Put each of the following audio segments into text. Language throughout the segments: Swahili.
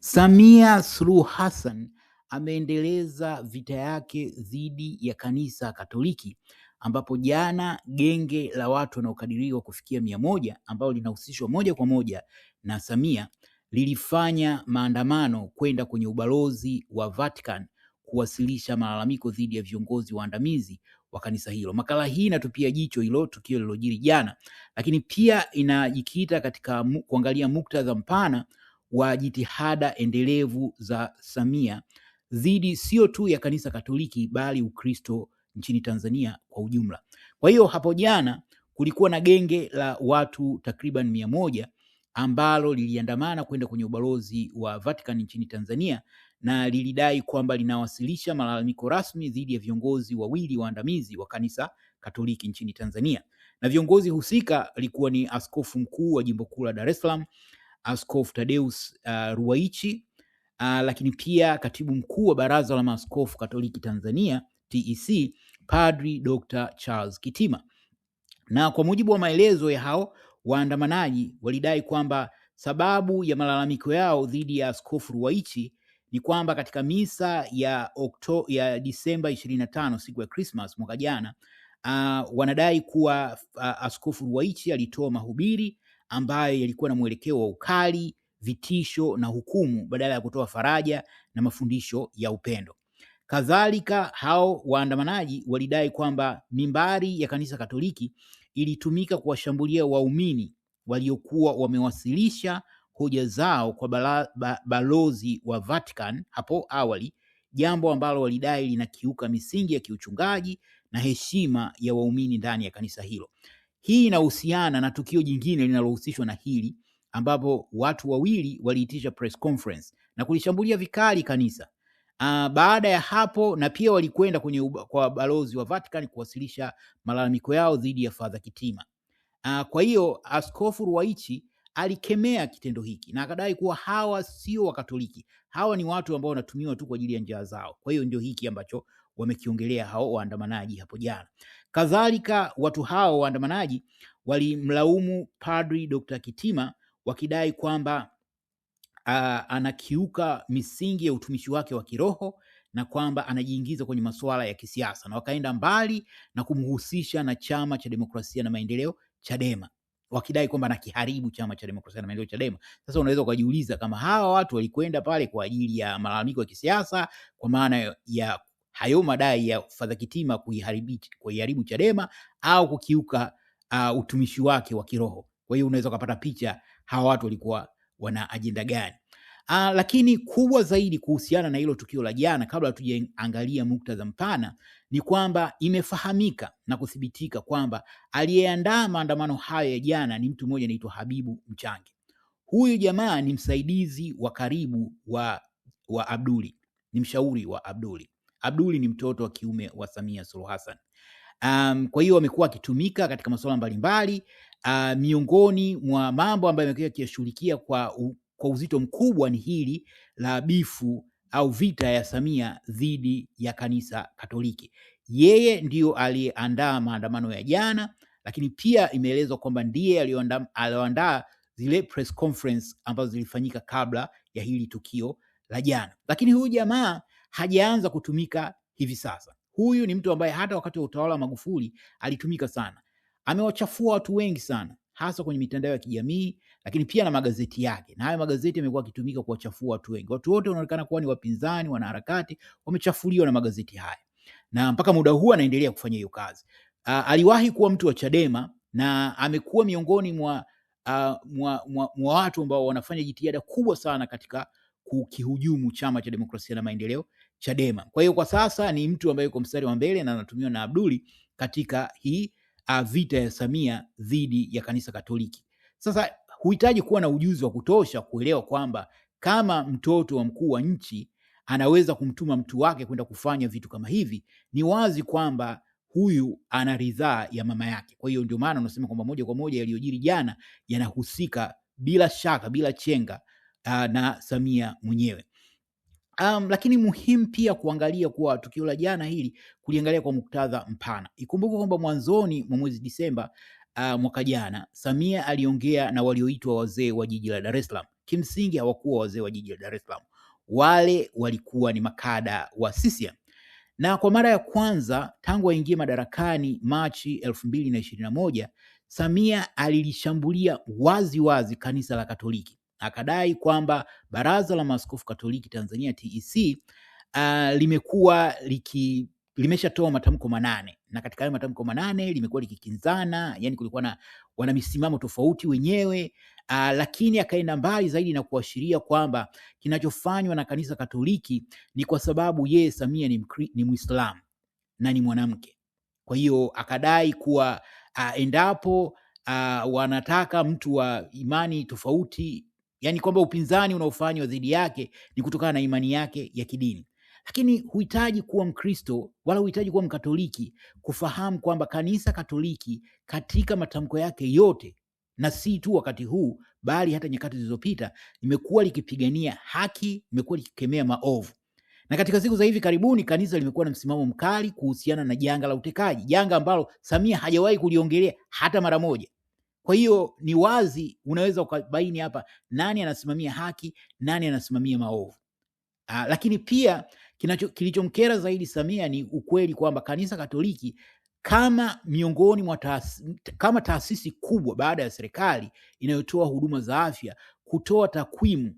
Samia Suluhu Hassan ameendeleza vita yake dhidi ya kanisa Katoliki ambapo jana genge la watu wanaokadiriwa kufikia mia moja ambalo linahusishwa moja kwa moja na Samia lilifanya maandamano kwenda kwenye ubalozi wa Vatican kuwasilisha malalamiko dhidi ya viongozi waandamizi wa kanisa hilo. Makala hii inatupia jicho hilo tukio lilojiri jana, lakini pia inajikita katika kuangalia muktadha mpana wa jitihada endelevu za Samia dhidi sio tu ya kanisa Katoliki bali Ukristo nchini Tanzania kwa ujumla. Kwa hiyo hapo jana kulikuwa na genge la watu takriban mia moja ambalo liliandamana kwenda kwenye ubalozi wa Vatican nchini Tanzania na lilidai kwamba linawasilisha malalamiko rasmi dhidi ya viongozi wawili waandamizi wa kanisa Katoliki nchini Tanzania. Na viongozi husika alikuwa ni askofu mkuu wa jimbo kuu la Dar es Salaam Askofu Tadeus uh, Ruwaichi uh, lakini pia katibu mkuu wa Baraza la Maaskofu Katoliki Tanzania TEC Padri Dr. Charles Kitima. Na kwa mujibu wa maelezo ya hao waandamanaji, walidai kwamba sababu ya malalamiko yao dhidi ya Askofu Ruwaichi ni kwamba katika misa ya Okto, ya Disemba 25 siku ya Christmas mwaka jana uh, wanadai kuwa uh, Askofu Ruwaichi alitoa mahubiri ambayo yalikuwa na mwelekeo wa ukali, vitisho na hukumu badala ya kutoa faraja na mafundisho ya upendo. Kadhalika, hao waandamanaji walidai kwamba mimbari ya kanisa Katoliki ilitumika kuwashambulia waumini waliokuwa wamewasilisha hoja zao kwa bala, ba, balozi wa Vatican hapo awali, jambo ambalo walidai linakiuka misingi ya kiuchungaji na heshima ya waumini ndani ya kanisa hilo. Hii inahusiana na tukio jingine linalohusishwa na hili ambapo watu wawili waliitisha press conference na kulishambulia vikali kanisa. Uh, baada ya hapo na pia walikwenda kwenye uba, kwa balozi wa Vatican kuwasilisha malalamiko yao dhidi ya Father Kitima. Uh, kwa hiyo Askofu Ruwaichi alikemea kitendo hiki na akadai kuwa hawa sio Wakatoliki, hawa ni watu ambao wanatumiwa tu kwa ajili ya njia zao. Kwa hiyo ndio hiki ambacho wamekiongelea hao waandamanaji hapo jana. Kadhalika, watu hao waandamanaji walimlaumu Padri Dr. Kitima wakidai kwamba uh, anakiuka misingi ya utumishi wake wa kiroho na kwamba anajiingiza kwenye masuala ya kisiasa, na wakaenda mbali na kumhusisha na Chama cha Demokrasia na Maendeleo Chadema, wakidai kwamba anakiharibu Chama cha Demokrasia na Maendeleo Chadema. Sasa unaweza ukajiuliza kama hawa watu walikwenda pale kwa ajili ya malalamiko ya kisiasa, kwa maana ya hayo madai ya Fadha Kitima kuiharibu Chadema au kukiuka uh, utumishi wake wa kiroho. Kwa hiyo unaweza ukapata picha hawa watu walikuwa wana ajenda gani. Uh, lakini kubwa zaidi kuhusiana na hilo tukio la jana, kabla hatujaangalia muktadha mpana, ni kwamba imefahamika na kuthibitika kwamba aliyeandaa maandamano hayo ya jana ni mtu mmoja anaitwa Habibu Mchange. Huyu jamaa ni msaidizi wa karibu wa, wa Abduli, ni mshauri wa Abduli. Abduli ni mtoto wa kiume wa Samia Suluhu Hassan. Um, kwa hiyo amekuwa akitumika katika masuala mbalimbali. Uh, miongoni mwa mambo ambayo amekuwa akiyashughulikia kwa, kwa uzito mkubwa ni hili la bifu au vita ya Samia dhidi ya kanisa Katoliki. Yeye ndiyo aliyeandaa maandamano ya jana, lakini pia imeelezwa kwamba ndiye aliyoandaa zile press conference ambazo zilifanyika kabla ya hili tukio la jana. Lakini huyu jamaa hajaanza kutumika hivi sasa. Huyu ni mtu ambaye hata wakati wa utawala wa Magufuli alitumika sana, amewachafua watu wengi sana, hasa kwenye mitandao ya kijamii, lakini pia na magazeti yake, na hayo magazeti yamekuwa akitumika kuwachafua watu wengi. Watu wote wanaonekana kuwa ni wapinzani, wanaharakati, wamechafuliwa na magazeti haya, na mpaka muda huu anaendelea kufanya hiyo kazi. Uh, aliwahi kuwa mtu wa Chadema na amekuwa miongoni mwa uh, mwa, mwa, mwa watu ambao wanafanya jitihada kubwa sana katika kukihujumu Chama cha Demokrasia na Maendeleo Chadema. Kwa hiyo kwa sasa ni mtu ambaye yuko mstari wa mbele na anatumiwa na Abduli katika hii ah, vita ya Samia dhidi ya kanisa Katoliki. Sasa huhitaji kuwa na ujuzi wa kutosha kuelewa kwamba kama mtoto wa mkuu wa nchi anaweza kumtuma mtu wake kwenda kufanya vitu kama hivi, ni wazi kwamba huyu ana ridhaa ya mama yake. Kwa hiyo ndio maana unasema kwamba moja kwa moja yaliyojiri jana yanahusika bila shaka, bila chenga ah, na Samia mwenyewe. Um, lakini muhimu pia kuangalia kuwa tukio la jana hili kuliangalia kwa muktadha mpana. Ikumbuke kwamba mwanzoni mwa mwezi Disemba uh, mwaka jana Samia aliongea na walioitwa wazee wa jiji la Dar es Salaam. Kimsingi hawakuwa wazee wa jiji la Dar es Salaam, wale walikuwa ni makada wa CCM na kwa mara ya kwanza tangu aingie madarakani Machi elfu mbili na ishirini na moja Samia alilishambulia wazi wazi kanisa la Katoliki akadai kwamba Baraza la Maaskofu Katoliki Tanzania TEC uh, ah, limekuwa liki limeshatoa matamko manane na katika hayo matamko manane limekuwa likikinzana, yani kulikuwa na wana misimamo tofauti wenyewe uh, lakini akaenda mbali zaidi na kuashiria kwamba kinachofanywa na kanisa Katoliki ni kwa sababu yeye Samia ni, ni Muislamu na ni mwanamke. Kwa hiyo akadai kuwa uh, endapo uh, wanataka mtu wa imani tofauti yaani kwamba upinzani unaofanywa dhidi yake ni kutokana na imani yake ya kidini. Lakini huhitaji kuwa Mkristo wala huhitaji kuwa Mkatoliki kufahamu kwamba kanisa Katoliki katika matamko yake yote, na si tu wakati huu, bali hata nyakati zilizopita, limekuwa likipigania haki, limekuwa likikemea maovu. Na katika siku za hivi karibuni kanisa limekuwa na msimamo mkali kuhusiana na janga la utekaji, janga ambalo Samia hajawahi kuliongelea hata mara moja. Kwa hiyo ni wazi, unaweza ukabaini hapa nani anasimamia haki, nani anasimamia maovu. Aa, ah, lakini pia kilichomkera zaidi Samia ni ukweli kwamba kanisa Katoliki kama miongoni mwa taas, kama taasisi kubwa baada ya serikali inayotoa huduma za afya kutoa takwimu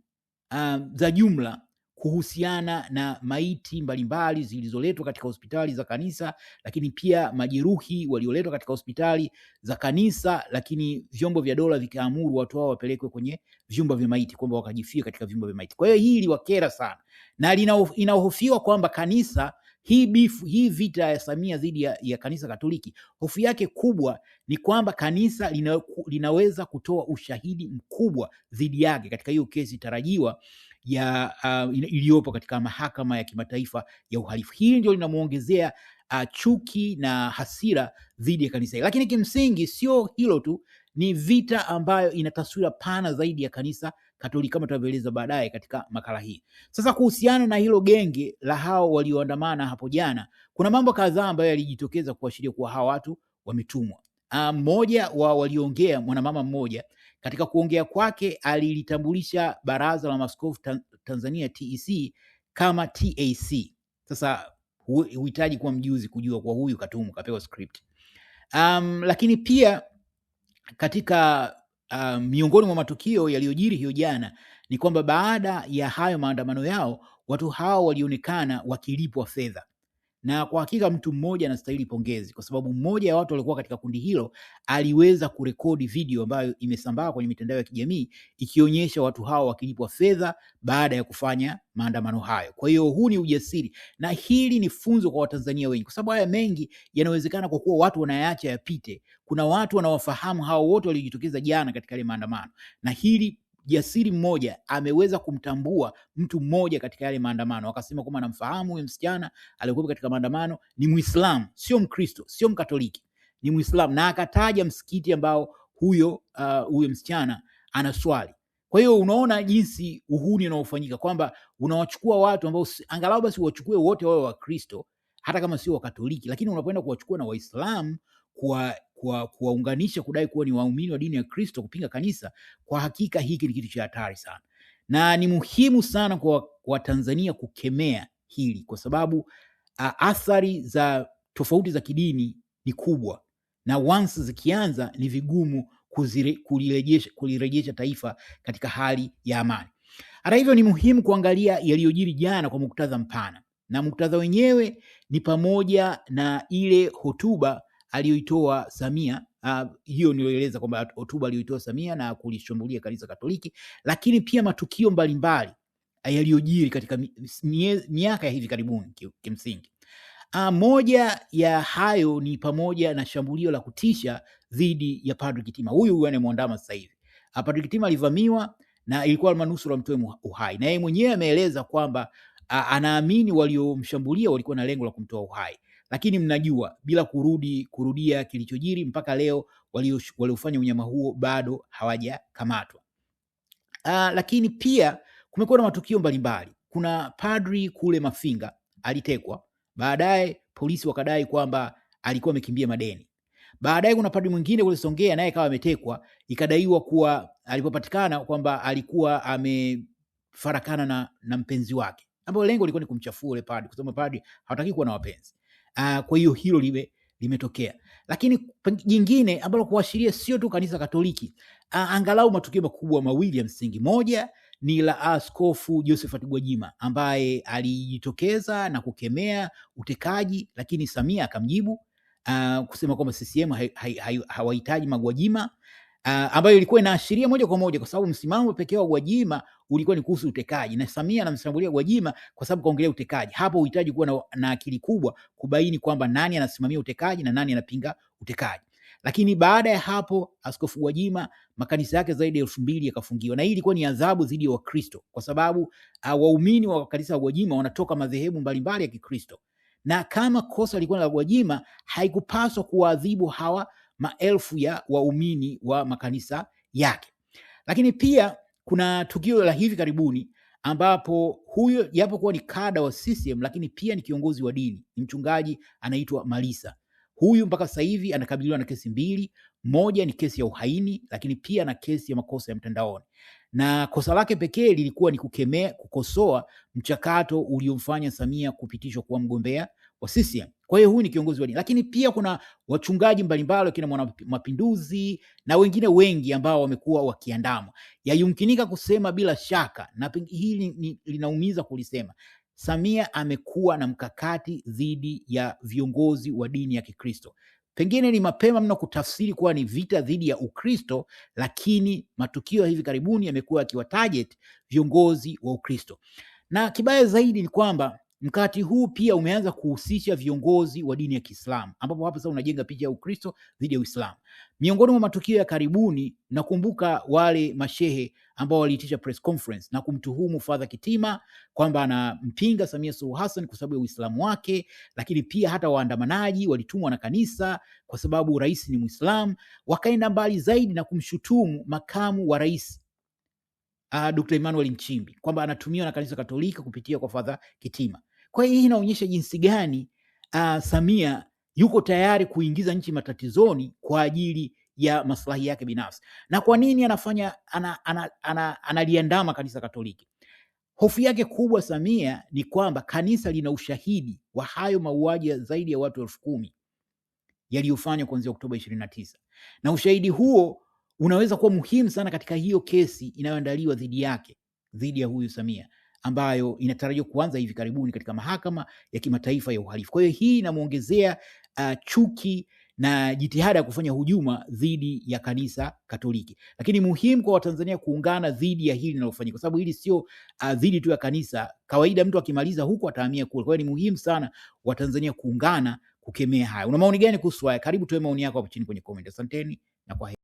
um, za jumla kuhusiana na maiti mbalimbali zilizoletwa katika hospitali za kanisa, lakini pia majeruhi walioletwa katika hospitali za kanisa, lakini vyombo vya dola vikaamuru watu hao wapelekwe kwenye vyumba vya maiti, kwamba wakajifia katika vyumba vya maiti. Kwa hiyo hii iliwakera sana na inahofiwa kwamba kanisa hii bifu, hii vita ya Samia dhidi ya, ya kanisa Katoliki, hofu yake kubwa ni kwamba kanisa lina, linaweza kutoa ushahidi mkubwa dhidi yake katika hiyo kesi tarajiwa ya uh, iliyopo katika mahakama ya kimataifa ya uhalifu. Hili ndio linamwongezea uh, chuki na hasira dhidi ya kanisa hili, lakini kimsingi sio hilo tu, ni vita ambayo ina taswira pana zaidi ya kanisa Katoliki kama tutavyoeleza baadaye katika makala hii. Sasa kuhusiana na hilo genge la hao walioandamana hapo jana, kuna mambo kadhaa ambayo yalijitokeza kuashiria kuwa hawa watu wametumwa. Ah, mmoja wa waliongea mwanamama mmoja katika kuongea kwake alilitambulisha Baraza la maskofu Tanzania TEC kama TAC. Sasa huhitaji kuwa mjuzi kujua kwa huyu katumu kapewa script. Um, lakini pia katika um, miongoni mwa matukio yaliyojiri hiyo jana ni kwamba baada ya hayo maandamano yao watu hao walionekana wakilipwa fedha na kwa hakika mtu mmoja anastahili pongezi, kwa sababu mmoja ya watu waliokuwa katika kundi hilo aliweza kurekodi video ambayo imesambaa kwenye mitandao ya kijamii ikionyesha watu hao wakilipwa fedha baada ya kufanya maandamano hayo. Kwa hiyo huu ni ujasiri, na hili ni funzo kwa Watanzania wengi, kwa sababu haya mengi yanawezekana kwa kuwa watu wanayaacha yapite. Kuna watu wanawafahamu hao wote waliojitokeza jana katika yale maandamano, na hili jasiri mmoja ameweza kumtambua mtu mmoja katika yale maandamano, akasema kwamba anamfahamu huyu msichana aliyekuwa katika maandamano, ni Muislamu, sio Mkristo, sio Mkatoliki, ni Muislamu, na akataja msikiti ambao huyo uh, huyo msichana anaswali. Kwa hiyo unaona jinsi uhuni unaofanyika kwamba unawachukua watu ambao angalau basi uwachukue wote wawe Wakristo hata kama sio Wakatoliki, lakini unapenda kuwachukua na Waislamu kuwa kuwaunganisha kudai kuwa ni waumini wa dini ya Kristo kupinga kanisa, kwa hakika hiki ni kitu cha hatari sana, na ni muhimu sana kwa Watanzania kukemea hili kwa sababu uh, athari za tofauti za kidini ni kubwa, na once zikianza ni vigumu kulirejesha kulirejesha taifa katika hali ya amani. Hata hivyo, ni muhimu kuangalia yaliyojiri jana kwa muktadha mpana, na muktadha wenyewe ni pamoja na ile hotuba aliyoitoa Samia uh, hiyo nilieleza kwamba hotuba aliyoitoa Samia na kulishambulia kanisa Katoliki, lakini pia matukio mbalimbali ah, yaliyojiri katika miaka ya hivi karibuni. Kimsingi uh, moja ya hayo ni pamoja na shambulio la kutisha dhidi ya Padre Kitima, huyu huyu anayemwandama sasa hivi. Uh, Padre Kitima alivamiwa na ilikuwa manusura mtoe uhai, na yeye mwenyewe ameeleza kwamba anaamini waliomshambulia walikuwa na lengo la kumtoa uhai lakini mnajua bila kurudi kurudia kilichojiri mpaka leo waliofanya unyama huo bado hawajakamatwa. Uh, lakini pia kumekuwa na matukio mbalimbali. Kuna padri kule Mafinga alitekwa, baadaye polisi wakadai kwamba alikuwa amekimbia madeni. Baadaye kuna padri mwingine kule Songea naye kawa ametekwa, ikadaiwa kuwa alipopatikana kwamba alikuwa amefarakana na, na mpenzi wake, ambayo lengo lilikuwa ni kumchafua yule padri, kwa sababu padri hawataki kuwa na wapenzi. Uh, kwa hiyo hilo lime, limetokea lakini jingine ambalo kuashiria sio tu kanisa Katoliki uh, angalau matukio makubwa mawili ya msingi. Moja ni la Askofu Josephat Gwajima ambaye alijitokeza na kukemea utekaji, lakini Samia akamjibu uh, kusema kwamba CCM hawahitaji magwajima Uh, ambayo ilikuwa inaashiria moja kwa moja, kwa sababu msimamo pekee wa Gwajima ulikuwa ni kuhusu utekaji, na Samia anamshambulia Gwajima kwa sababu kaongelea utekaji. Hapo uhitaji kuwa na, na akili kubwa kubaini kwamba nani anasimamia utekaji na nani anapinga utekaji. Lakini baada ya hapo, Askofu Gwajima makanisa yake zaidi ya elfu mbili yakafungiwa, na hii ilikuwa ni adhabu dhidi ya Wakristo kwa sababu uh, waumini wa kanisa la Gwajima wanatoka madhehebu mbalimbali ya Kikristo, na kama kosa lilikuwa la Gwajima haikupaswa kuwaadhibu hawa maelfu ya waumini wa makanisa yake. Lakini pia kuna tukio la hivi karibuni ambapo huyo japo kuwa ni kada wa CCM lakini pia ni kiongozi wa dini, ni mchungaji anaitwa Malisa. Huyu mpaka sasa hivi anakabiliwa na kesi mbili, moja ni kesi ya uhaini, lakini pia na kesi ya makosa ya mtandaoni, na kosa lake pekee lilikuwa ni kukemea, kukosoa mchakato uliomfanya Samia kupitishwa kuwa mgombea wa CCM. Kwa hiyo huyu ni kiongozi wa dini, lakini pia kuna wachungaji mbalimbali wakina mwana mapinduzi na wengine wengi ambao wamekuwa wakiandamwa. Yayumkinika kusema bila shaka, na hili linaumiza kulisema, Samia amekuwa na mkakati dhidi ya viongozi wa dini ya Kikristo. Pengine ni mapema mno kutafsiri kuwa ni vita dhidi ya Ukristo, lakini matukio ya hivi karibuni yamekuwa yakiwa target viongozi wa Ukristo, na kibaya zaidi ni kwamba Mkakati huu pia umeanza kuhusisha viongozi wa dini ya Kiislamu ambapo hapa sasa unajenga picha ya Ukristo dhidi ya Uislamu. Miongoni mwa matukio ya karibuni, nakumbuka wale mashehe ambao waliitisha press conference na kumtuhumu Father Kitima kwamba anampinga Samia Suluhu Hassan kwa sababu ya Uislamu wake, lakini pia hata waandamanaji walitumwa na kanisa kwa sababu rais ni Muislamu. Wakaenda mbali zaidi na kumshutumu makamu wa rais Uh, ah, Dr. Emmanuel Nchimbi kwamba anatumiwa na kanisa katolika kupitia kwa Father Kitima. Kwa hiyo hii inaonyesha jinsi gani uh, Samia yuko tayari kuingiza nchi matatizoni kwa ajili ya maslahi yake binafsi. Na kwa nini anafanya ana, ana, ana, analiandama kanisa Katoliki? Hofu yake kubwa Samia ni kwamba kanisa lina ushahidi wa hayo mauaji ya zaidi ya watu elfu kumi yaliyofanywa kuanzia Oktoba ishirini na tisa na ushahidi huo unaweza kuwa muhimu sana katika hiyo kesi inayoandaliwa dhidi yake dhidi ya huyu Samia ambayo inatarajiwa kuanza hivi karibuni katika mahakama ya kimataifa ya uhalifu. Kwa hiyo hii inamwongezea uh, chuki na jitihada ya kufanya hujuma dhidi ya kanisa Katoliki, lakini muhimu kwa Watanzania kuungana dhidi ya hili linalofanyika, kwa sababu hili sio uh, dhidi tu ya kanisa. Kawaida mtu akimaliza huku atahamia kule. Kwa hiyo ni muhimu sana Watanzania kuungana kukemea haya. Una maoni gani kuhusu haya? Karibu tuwe maoni yako hapo chini kwenye comment. Asanteni na kwa